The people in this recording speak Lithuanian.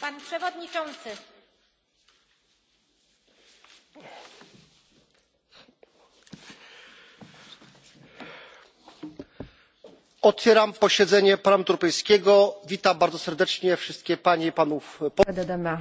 pan przewodniczący! otwieram posiedzenie parlamentu europejskiego. witam bardzo serdecznie wszystkie panie i panów posłów.